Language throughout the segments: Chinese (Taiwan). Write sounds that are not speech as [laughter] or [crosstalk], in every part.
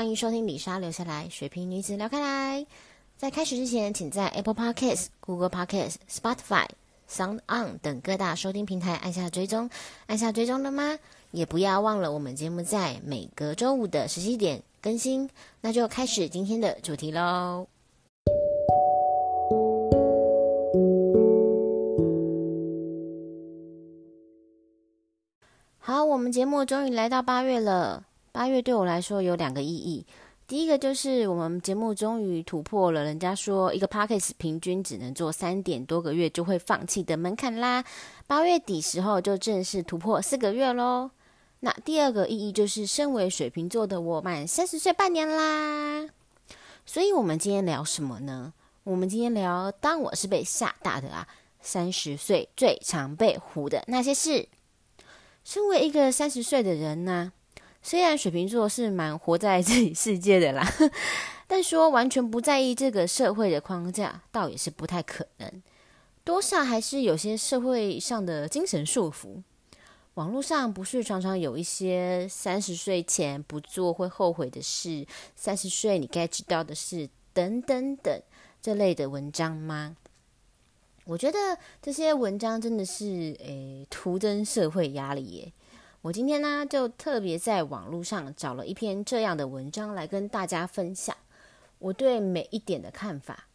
歡迎收聽李莎留下來，水瓶女子聊開來。在開始之前，請在 Apple Podcast、Google Podcast、Spotify、Sound On 等各大收聽平台按下追蹤。按下追蹤了嗎？也不要忘了，我們節目在每隔周五的十七點更新。那就開始今天的主題嘍。好，我們節目終於來到八月了。八月對我來說有兩個意義，第一個就是我們節目終於突破了，人家說一個 podcast 平均只能做三點多個月就會放棄的門檻啦。八月底時候就正式突破四個月嘍。那第二個意義就是，身為水瓶座的我滿三十歲半年啦。所以，我們今天聊什麼呢？我們今天聊當我是被嚇大的啊，三十歲最常被唬的那些事。身為一個三十歲的人呢、啊？雖然水瓶座是蠻活在自己世界的啦，但說完全不在意這個社會的框架，倒也是不太可能。多少還是有些社會上的精神束縛。網絡上不是常常有一些“三十歲前不做會後悔的事，三十歲你該知道的事”等等等這類的文章嗎？我覺得這些文章真的是誒，徒增社會壓力耶。我今天呢、啊，就特別在網路上找了一篇這樣的文章來跟大家分享我對每一點的看法。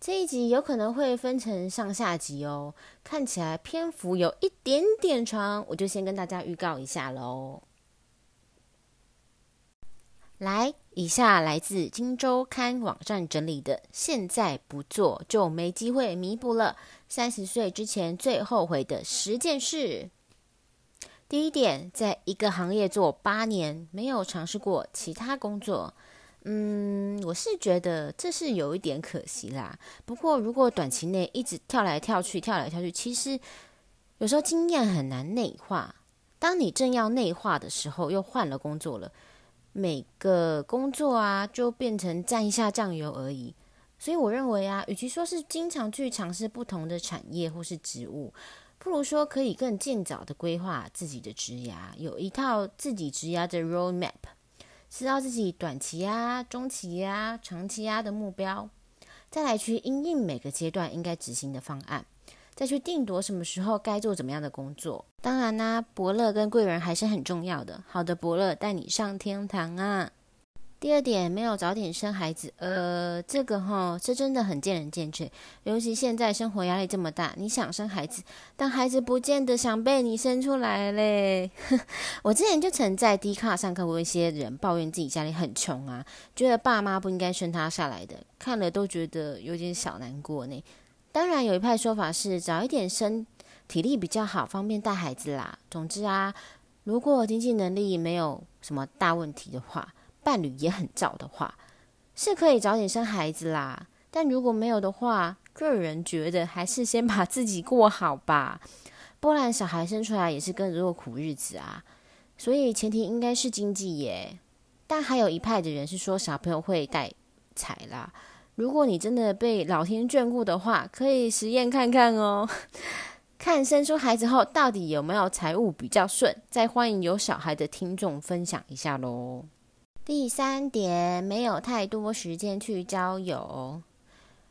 這一集有可能會分成上下集哦，看起來篇幅有一點點長，我就先跟大家預告一下嘍。來，以下來自今周刊網站整理的：現在不做就沒機會彌補了，三十歲之前最後悔的十件事。第一點，在一個行業做八年，沒有嘗試過其他工作，嗯，我是覺得這是有一點可惜啦。不過，如果短期內一直跳來跳去，跳來跳去，其實有時候經驗很難內化。當你正要內化的時候，又換了工作了，每個工作啊就變成蘸一下醬油而已。所以，我認為啊，與其說是經常去嘗試不同的產業或是職務，不如說，可以更盡早的規劃自己的職涯，有一套自己職涯的 roadmap，知道自己短期啊、中期啊、長期啊的目標，再來去因應每個階段應該執行的方案，再去定奪什麼時候該做怎麼樣的工作。當然啦、啊，伯樂跟貴人還是很重要的。好的伯樂帶你上天堂啊！第二點，沒有早點生孩子，呃，這個哈，這真的很見仁見智。尤其現在生活壓力這麼大，你想生孩子，但孩子不見得想被你生出來嘞。 [laughs] 我之前就曾在 Dcard 上看過一些人抱怨自己家裡很窮啊，覺得爸媽不應該生他下來的，看了都覺得有點小難過呢。當然，有一派說法是早一點生，體力比較好，方便帶孩子啦。總之啊，如果經濟能力沒有什麼大問題的話。伴侶也很早的話，是可以早點生孩子啦。但如果沒有的話，個人覺得還是先把自己過好吧。不然小孩生出來也是跟着過苦日子啊，所以前提應該是經濟耶。但還有一派的人是說小朋友會帶財啦。如果你真的被老天眷顧的話，可以實驗看看哦，看生出孩子後到底有沒有財務比較順。再歡迎有小孩的聽眾分享一下嘍。第三點，沒有太多時間去交友。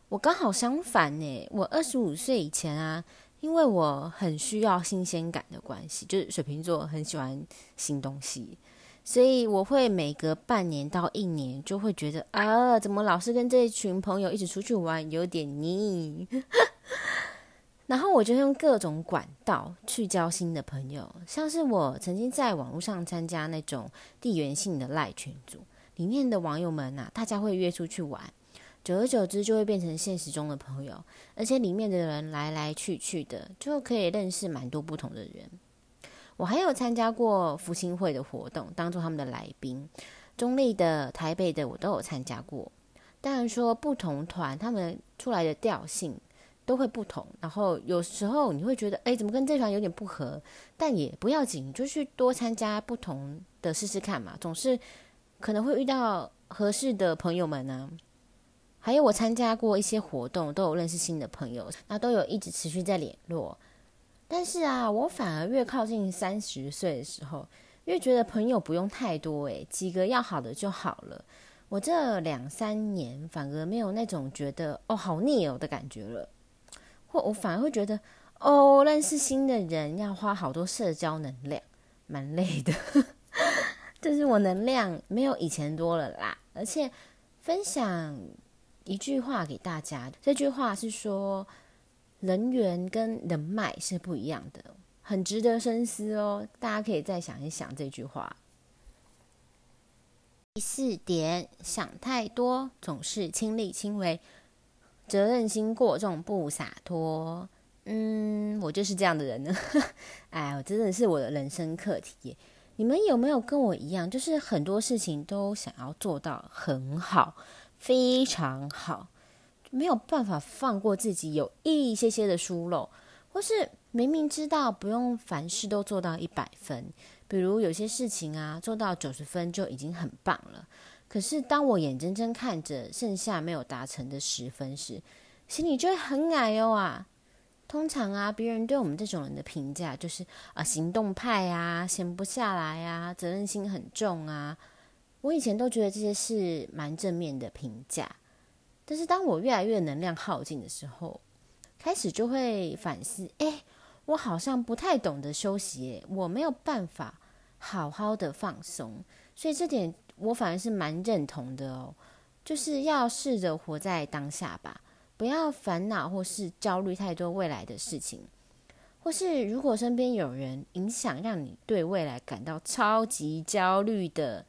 我剛好相反欸，我二十五歲以前啊，因為我很需要新鮮感的關係，就是水瓶座很喜歡新東西，所以我會每隔半年到一年就會覺得啊，怎麼老是跟這一群朋友一起出去玩，有點膩。 [laughs] 然後我就用各種管道去交新的朋友，像是我曾經在網路上參加那種地緣性的賴群組，裡面的網友們啊，大家會約出去玩，久而久之就會變成現實中的朋友，而且裡面的人來來去去的，就可以認識蠻多不同的人。我還有參加過福星會的活動，當作他們的來賓，中立的、台北的我都有參加過。當然說不同團他們出來的調性。都會不同，然後有時候你會覺得，哎，怎麼跟這團有點不合？但也不要緊，就去多參加不同的試試看嘛。總是可能會遇到合適的朋友們呢、啊。還有我參加過一些活動，都有認識新的朋友，那都有一直持續在聯絡。但是啊，我反而越靠近三十歲的時候，越覺得朋友不用太多、欸，誒，幾個要好的就好了。我這兩三年反而沒有那種覺得哦好膩哦的感覺了。或我反而會覺得，哦，認識新的人要花好多社交能量，蠻累的。 [laughs] 就是我能量沒有以前多了啦，而且分享一句話給大家，這句話是說，人緣跟人脈是不一樣的，很值得深思哦。大家可以再想一想這句話。第四點，想太多總是親力親為。責任心過重，不灑脫。嗯，我就是這樣的人呢。哎， [laughs] 我真的是我的人生課題耶。你們有沒有跟我一樣？就是很多事情都想要做到很好，非常好，沒有辦法放過自己有一些些的疏漏，或是明明知道不用凡事都做到一百分，比如有些事情啊做到九十分就已經很棒了。可是，當我眼睜睜看着剩下沒有達成的十分時，心裡就會很矮哦啊。通常啊，別人對我們這種人的評價就是啊，行動派呀、啊，閒不下來呀、啊，責任心很重啊。我以前都覺得這些是蠻正面的評價，但是當我越來越能量耗盡的時候，開始就會反思：哎，我好像不太懂得休息，哎，我沒有辦法好好的放鬆，所以這點。我反而是蠻認同的哦，就是要試着活在當下吧，不要煩惱或是焦慮太多未來的事情，或是如果身邊有人影響，讓你對未來感到超級焦慮的，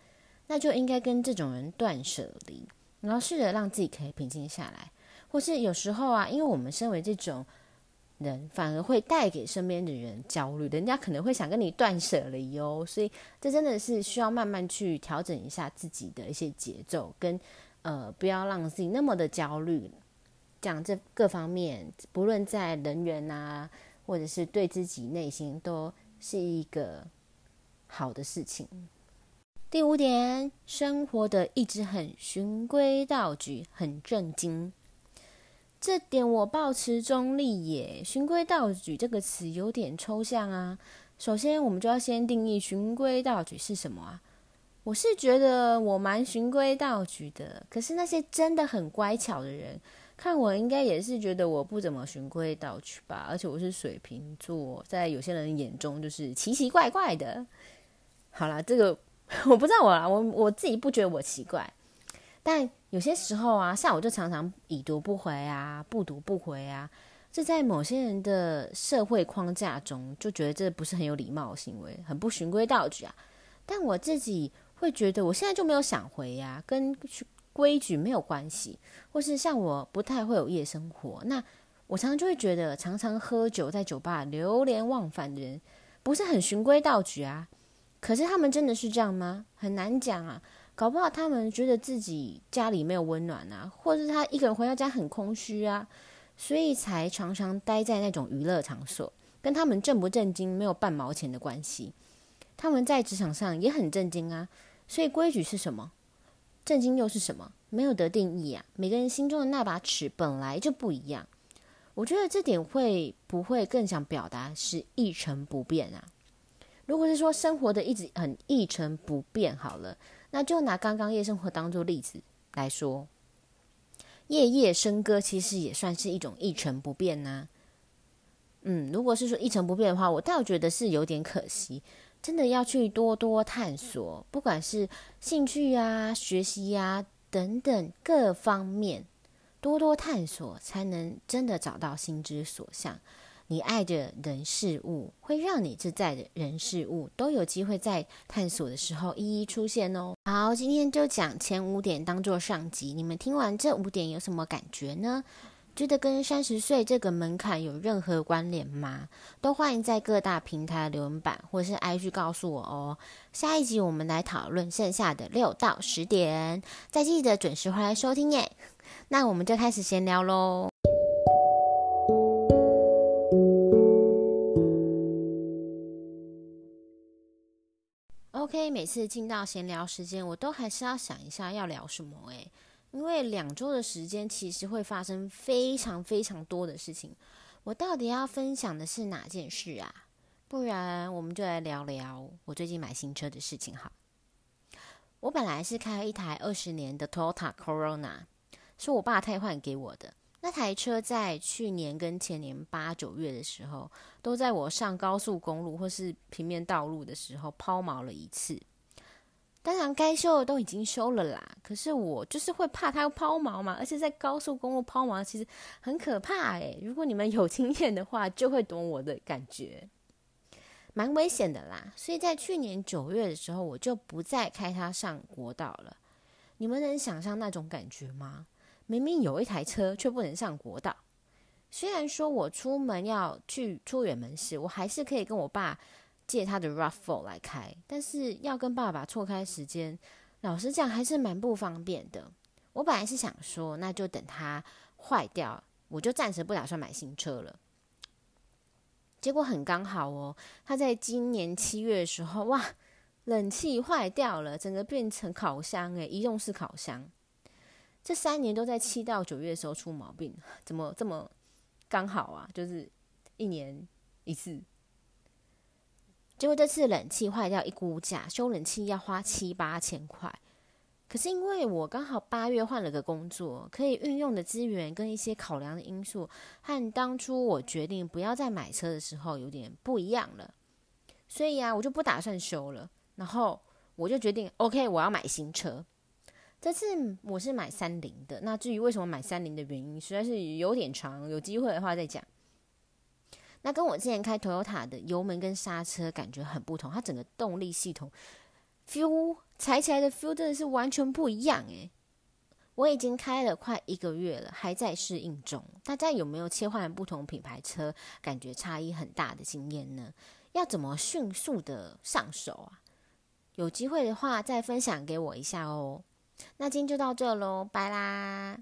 那就應該跟這種人斷捨離，然後試着讓自己可以平靜下來，或是有時候啊，因為我們身為這種。人反而會帶給身邊的人焦慮，人家可能會想跟你斷捨離、哦、所以這真的是需要慢慢去調整一下自己的一些節奏，跟呃，不要讓自己那麼的焦慮。講這各方面，不論在人緣吶、啊，或者是對自己內心，都是一個好的事情。嗯、第五點，生活的一直很循規蹈矩，很正經。這點我抱持中立耶。循規蹈矩這個詞有點抽象啊。首先，我們就要先定義循規蹈矩是什麼啊？我是覺得我蠻循規蹈矩的，可是那些真的很乖巧的人，看我應該也是覺得我不怎麼循規蹈矩吧。而且我是水瓶座，在有些人眼中就是奇奇怪怪的。好啦，這個我不知道我啦，我我自己不覺得我奇怪。但有些時候啊，像我就常常已讀不回啊，不讀不回啊。這在某些人的社會框架中，就覺得這不是很有禮貌的行為，很不循規蹈矩啊。但我自己會覺得，我現在就沒有想回呀，啊，跟規矩沒有關係。或是像我不太會有夜生活，那我常常就會覺得，常常喝酒在酒吧流連忘返的人，不是很循規蹈矩啊。可是他們真的是這樣嗎？很難講啊。搞不好他們覺得自己家裡沒有溫暖啊，或者他一個人回到家很空虛啊，所以才常常待在那種娛樂場所。跟他們正不正經沒有半毛錢的關係。他們在職場上也很正經啊，所以規矩是什麼？正經又是什麼？沒有得定義啊。每個人心中的那把尺本來就不一樣。我覺得這點會不會更想表達是一成不變啊？如果是說生活的一直很一成不變，好了。那就拿剛剛夜生活當做例子來說，夜夜笙歌其實也算是一種一成不變呢啊。嗯，如果是說一成不變的話，我倒覺得是有點可惜。真的要去多多探索，不管是興趣啊、學習啊等等各方面，多多探索，才能真的找到心之所向。你愛的人事物，會讓你自在的人事物都有機會在探索的時候一一出現哦。好，今天就講前五點當做上集，你們聽完這五點有什麼感覺呢？覺得跟三十歲這個門檻有任何關聯嗎？都歡迎在各大平台留言板或是 IG 告訴我哦。下一集我們來討論剩下的六到十點，再記得準時回來收聽耶。那我們就開始閒聊嘍。每次進到閒聊時間，我都還是要想一下要聊什麼誒、欸，因為兩周的時間其實會發生非常非常多的事情，我到底要分享的是哪件事啊？不然我們就來聊聊我最近買新車的事情好。我本來是開了一台二十年的 Toyota Corona，是我爸退換給我的。那台車在去年跟前年八九月的時候，都在我上高速公路或是平面道路的時候拋錨了一次。當然該修的都已經修了啦，可是我就是會怕它要拋錨嘛，而且在高速公路拋錨其實很可怕哎。如果你們有經驗的話，就會懂我的感覺，蠻危險的啦。所以在去年九月的時候，我就不再開它上國道了。你們能想象那種感覺嗎？明明有一台車，卻不能上國道。雖然說我出門要去出遠門時，我還是可以跟我爸。借他的 raffle 來開，但是要跟爸爸錯開時間。老實講，還是蠻不方便的。我本來是想說，那就等它壞掉，我就暫時不打算買新車了。結果很剛好哦，他在今年七月的時候，哇，冷氣壞掉了，整個變成烤箱誒、欸，移動式烤箱。這三年都在七到九月的時候出毛病，怎麼這麼剛好啊？就是一年一次。結果這次冷氣壞掉一估價，一估價修冷氣要花七八千塊。可是因為我剛好八月換了個工作，可以運用的資源跟一些考量的因素，和當初我決定不要再買車的時候有點不一樣了。所以啊，我就不打算修了。然後我就決定，OK，我要買新車。這次我是買三菱的。那至於為什麼買三菱的原因，實在是有點長，有機會的話再講。那跟我之前開 Toyota 的油門跟剎車感覺很不同，它整個動力系統，feel 踩起來的 feel 真的是完全不一樣欸！我已經開了快一個月了，還在適應中。大家有沒有切換不同品牌車感覺差異很大的經驗呢？要怎麼迅速的上手啊？有機會的話再分享給我一下哦。那今天就到這嘍，拜啦！